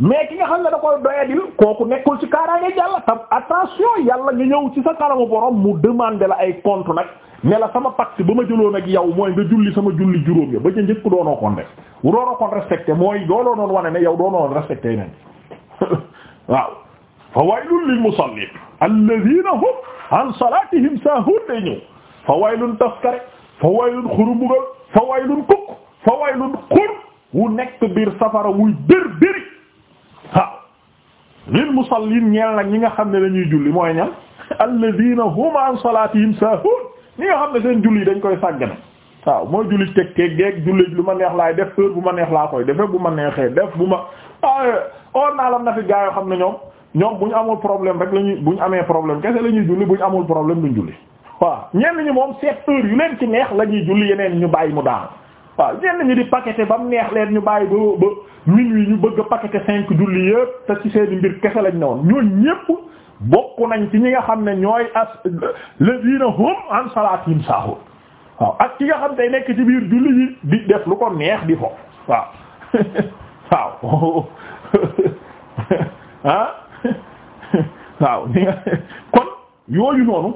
mais ki nga xam ne da koy doyadil kooku nekkul ci kaaraange yàlla tam attention yàlla nga ñëw ci sa kanamu borom mu demander la ay compte nag ne la sama pacte ba ma jëloon nag yow mooy nga julli sama julli juróom ya ba ca njëkk doonoo koon def doonoo koon respecté mooy dooloo noon wane ne yow doonoon respecté nen [laughs] waaw fa waylun lil musallin alladhina hum an salatihim sahun day ñëw fa waylun taskare fa waylun xurumbugal fa waylun kukk fa waylun xur wu nekk biir safara wuy bir lil musallin ñeel nag ñi nga xam ne dañuy julli mooy ñan alladina hum an salatihim sahun ñi nga xam ne seen julli dañ koy sàggane waaw mooy julli teg teg geeg julli lu ma neex laay def heure bu ma neex laa koy defee bu ma neexee def bu ma ah, or naa lam na fi gaa yoo xam ne ñoom ñoom bu ñu amul problème rek la bu ñu amee problème kese la ñuy julli bu ñu amul problème duñ julli waaw ñenn ñi moom seet heure yu leen ci neex la ñuy julli yeneen ñu bàyyi mu daal waaw ñenn ñi di paqueté ba mu neex leen ñu bàyyi ba ba minuit ñu bëgg a paqueté cinq julli yëpp te ci seeni mbir kese lañ ne woon ñooñu ñépp bokk nañ ci ñi nga xam ne ñooy as lazina hum an salatihim sahun waaw ak ki nga xam tey nekk ci biir julli yi di def lu ko neex di foofu waaw [laughs] waaw [laughs] ah [laughs] waaw kon yooyu noonu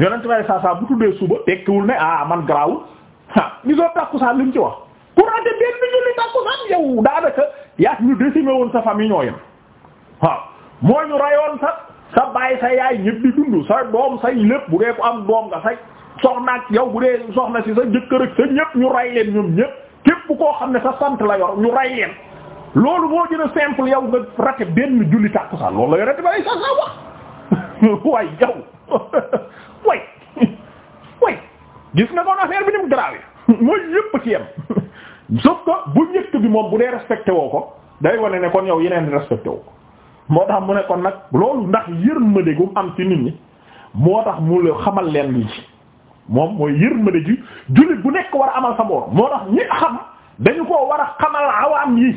yonent bi saa saa bu tuddee suba tekkiwul ne ah man garaawul. ah gisoo tàkkusaan li mu ci wax ku raté benn julli tàkkusaan yow daanaka yaa ñu décimé woon sa famille ñoo yem waaw moo ñu rayoon sa sa baay sa yaay ñëpp di dund sa doom say lépp bu dee ko am doom nga say soxna ak yow bu dee soxna si sa jëkkër ak sa ñëpp ñu ray leen ñoom ñëpp képp koo xam ne sa sant la yor ñu ray leen loolu moo gën a simple yow nga raté benn julli tàkkusaan loolu la yore te ba sa sa wax [laughs] way yow [laughs] way gis nga kon affaire bi ni mu grave mooy yëpp ci yem sauf que bu njëkk bi moom bu dee respecté woo ko day wane ne kon yow yeneen respecté woo ko moo tax mu ne kon nag loolu ndax yërmande gu am ci nit ñi moo tax mu la xamal leen lii moom mooy yërmande ji jullit bu nekk war a amal sa boor moo tax ñi xam dañu koo war a xamal awaam yi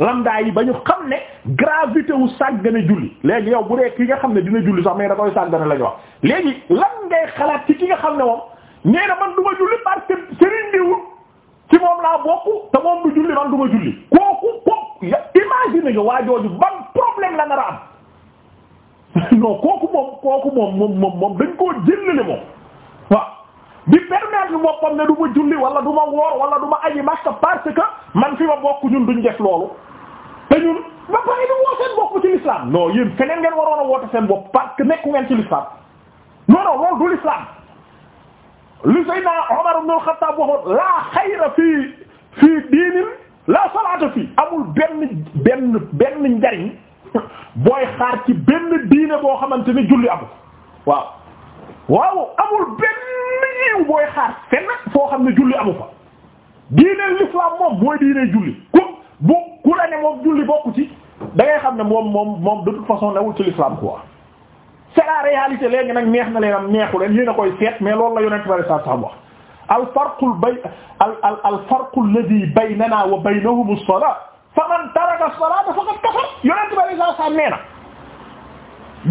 lamda yi ba ñu xam ne gravité wu sàggane julli léegi yow bu dee ki nga xam ne dina julli sax mais da koy sàggane la ñu wax léegi lan ngay xalaat ci ki nga xam ne moom nee na man du ma julli parce que Serigne diw ci moom laa bokk te moom du julli man du ma julli kooku kooku imagine nga waa jooju ban problème la nar a noo [laughs] non kooku moom kooku moom moom moom moom dañ koo jëllale moom waaw di permettre boppam ne du ma julli wala du ma woor wala du ma aji Makka parce que man fi ma bokk ñun duñ def loolu te ñun ba pare di woo seen bopp ci l'islam noo yéen feneen ngeen waroon a woote seen bopp parce que nekku ngeen ci l'islam non non loolu du l'islam li Seydina Omar ibn al-Khattab waxoon laa xayra fii fii diinin laa salaata fii amul benn benn benn njariñ booy xaar ci benn diine boo xamante ni julli amul waaw waaw amul benn yiw booy xaar fenn foo xam ne julli amu fa diineel l'islam moom mooy diinee julli ku bu moom xam ne moom moom moom de toute façon newul ci l'islam quoi c'est la réalité léegi nag neex na leen am neexu leen yéen a koy seet mais loolu la yonent bari saa saa wax al farqul bay al al al farqu alladhi baynana wa baynahum as-salat faman taraka as-salata faqad kafar yonent bari saa saa nee na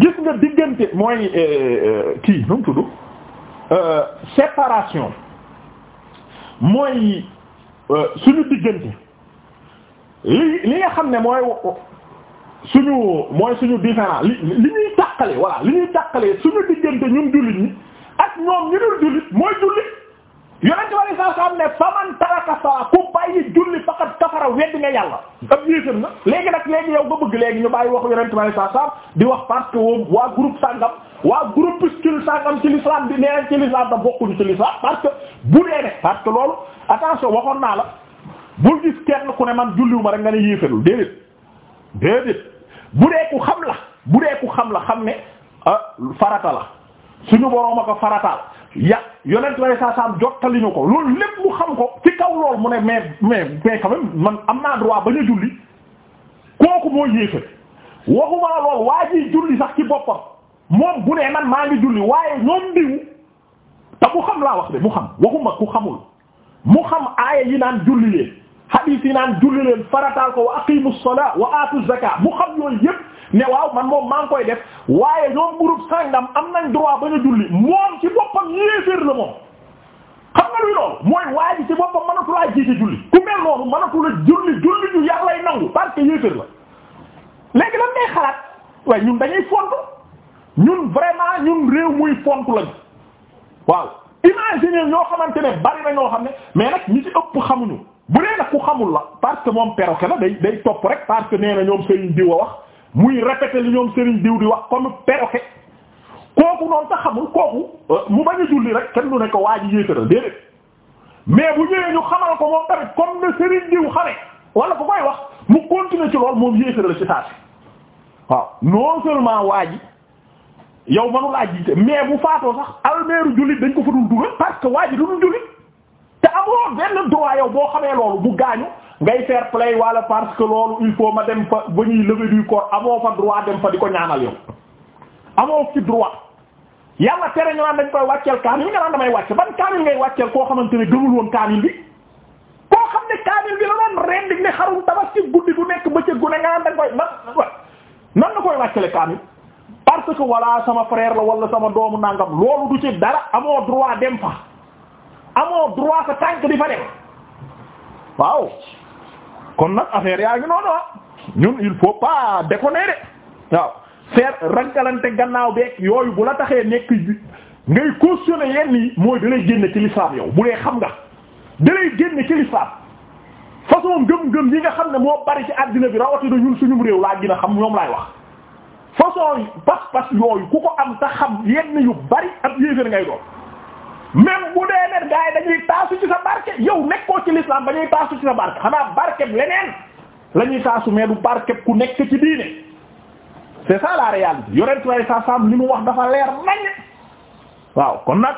gis nga diggante mooy euh, euh, kii nu mu tudd euh, séparation mooy suñu diggante li li nga xam ne mooy suñu mooy suñu différent li li ñuy tàqale voilà li ñuy tàqalee suñu diggante ñun jullit ñi ak ñoom ñu dul jullit mooy jullit yonent bi saa saa am ne faman taraka salaa ku bàyyi julli faqat kafara weddi yàlla ab yéesam na léegi nag léegi yow nga bëgg léegi ñu bàyyi waxu yonent bi saa saa di wax parce que waa groupe sàngam waa groupuscule sàngam ci l'islam bi neenañ ci l'islam da bokkuñu ci l'islam parce que bu dee ne parce que loolu attention waxoon naa la bul gis kenn ku ne man julliwuma rek nga ne yéesalul déedéet déedéet bu dee ku xam la bu dee ku xam la xam ne ah, farata la suñu boroom a ko farataal ya yonent lay saa saam jottali ñu ko loolu lépp mu xam ko ci kaw lool mu ne mais mais mais man am naa droit bañ a julli kooku moo yéefal waxuma lool waa ji julli sax ci boppam moom bu ne man maa ngi julli waaye ñoom diw te mu xam laa wax de mu xam waxuma ku xamul mu xam aaya yi naan julli leen hadis yi naan julli leen farataal ko wa aqimu salaa wa aatu zakaa mu xam yooyu yëpp ne waaw man moom maa ngi koy def waaye ñoom groupe sangam am nañ droit ba ñu julli moom ci boppam yéeféer la moom. xam nga luy loolu mooy waaye ji ci boppam mënatu laa jiite julli ku mel noonu mënatu la julli julli ju yàlla lay nangu parce que yéeféer la léegi lan ngay xalaat waaye ñun dañuy fontu ñun vraiment ñun réew muy fontu lañu waaw imaginer ñoo xamante ne bari na ñoo xam ne mais nag ñi ci ëpp xamuñu. bu dee nag ku xamul la parce que moom perroquet la day day topp rek parce que nee na ñoom Serigne diw a wax muy répéter li ñoom Serigne diw di wax comme perroquet kooku noonu ta xamul kooku euh, mu bañ a julli rek kenn du ne ko waa ji yéetaral déedéet mais bu ñëwee ñu xamal ko moom tamit comme ne Serigne diw xame wala ku koy wax mu continuer ci lool moom yéetaral ci saa si waaw non seulement waa ji yow mënu laa jiite mais bu faatoo sax almeeru jullit dañ ko fa dul dugal parce que waa ji du dul te amoo benn droit yow boo xamee loolu bu gaañu ngay fair play wala parce que loolu il faut ma dem fa ba ñuy lever du corps amoo fa droit dem fa di ko ñaanal yow amoo fi droit yàlla tere ñu naan dañ koy wàcceel kaamil nga naan damay wàcce ban kaamil ngay wàcceel koo xamante ne gëmul woon kaamil bi koo xam ne kaamil bi la doon rendi ne xarum tabaski guddi gu nekk bëccëg nga naan dañ koy nan la koy wàccele kaamil parce que wala sama frère la wala sama doomu nangam loolu du ci dara amoo droit dem fa amoo droit sa tànk di fa dem waaw kon nag affaire yaa ngi noonu ah. ñun il faut pas déconner de waaw faire rankalante gannaaw beeg yooyu bu la taxee nekk ngay cautionner yenn yi mooy dalay génne ci l'islam yow bu dee xam nga dalay génne ci l'islam façon ngëm-ngëm yi nga xam ne moo bari ci àddina bi rawatina ñun suñu réew laa gën a xam ñoom laay wax façon pas-pas yooyu ku ko am ta xam yenn yu bari ab yéeféer ngay doon même bu dee leen gars yi dañuy taasu ci sa barke yow nekkoo ci l'islam dañuy taasu ci sa barke xanaa barke leneen la ñuy taasu mais du barke ku nekk ci diine c'est ça la réalité yonent way sa sam li wax dafa leer waaw kon nag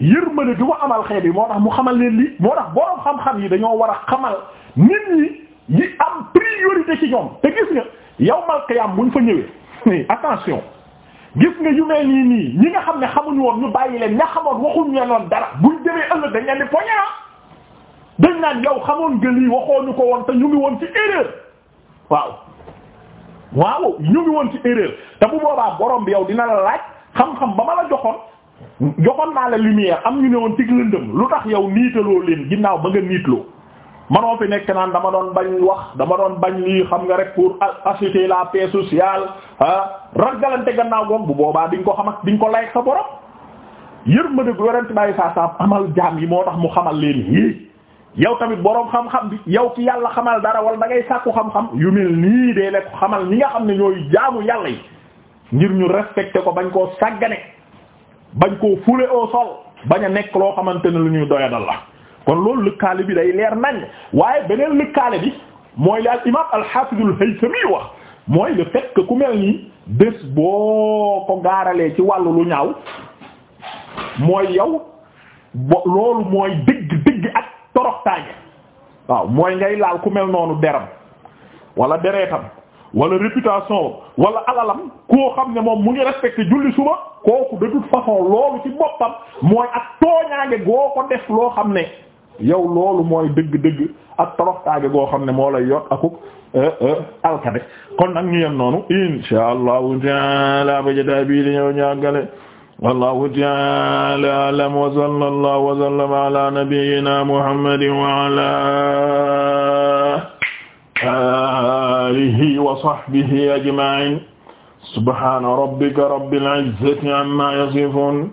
yërmande du ma amal xeet yi moo tax mu xamal leen lii moo tax borom xam-xam yi dañoo war a xamal nit ñi yi am priorité ci ñoom te gis nga yawmal qiyaam buñ fa ñëwee [laughs] attention gis nga yu mel nii nii ñi nga xam ne xamuñu woon ñu bàyyi leen ña xamoon waxuñu ne noon dara buñ demee ëllëg dañ leen di poña ah. naan yow xamoon nga lii waxooñu ko woon te ñu ngi woon ci erreur waaw waaw ñu ngi woon ci erreur te bu boobaa borom bi yow dina la laaj xam-xam ba ma a joxoon joxoon naa la lumière am ñu ne woon ci lëndëm lu tax yow niitaloo leen ginnaaw ba nga niitloo manoo fi nekk naan dama doon bañ wax dama doon bañ lii xam nga rek pour assurer la paix sociale ah ragalante gannaaw goom bu boobaa di ko xam ak di ko lay sa borom yërmande gu yorenti bàyyi saa saa amal jaam yi moo tax mu xamal leen yii yow tamit boroom xam-xam bi yow ki yàlla xamal dara wala da ngay sàkku xam-xam yu mel nii dee la xamal ñi nga xam ne ñooy jaamu yàlla yi ngir ñu respecté ko bañ koo sàggane bañ koo foulé au sol bañ a nekk loo xamante ne lu ñuy doyadal la. kon loolu lëkkaale bi day leer nañ waaye beneen lëkkaale bi mooy li al imaam al-Hafiz al-Haythami wax mooy le fait que ku mel nii bés boo ko gaaralee ci wàllu lu ñaaw mooy yow bo loolu mooy dëgg dëgg ak toroxtaange waaw mooy ngay laal ku mel noonu beram wala dereetam wala réputation wala alalam koo xam ne moom mu ngi respecté julli suba kooku de toute façon loolu ci boppam mooy ak tooñaange goo ko def loo xam ne yow loolu mooy dëgg-dëgg ak toroxtaage goo xam ne moo lay yot akuk euh, euh, alkade kon nag ñu yem noonu insha allahu taala ba jotaay bii di ñëw ñàggale wallahu taala alam wa sallallahu wa sallama ala nabiyyina muhammadin wa ala alihi wa sahbihi ajma'in subhana rabbika rabbil izzati amma yasifun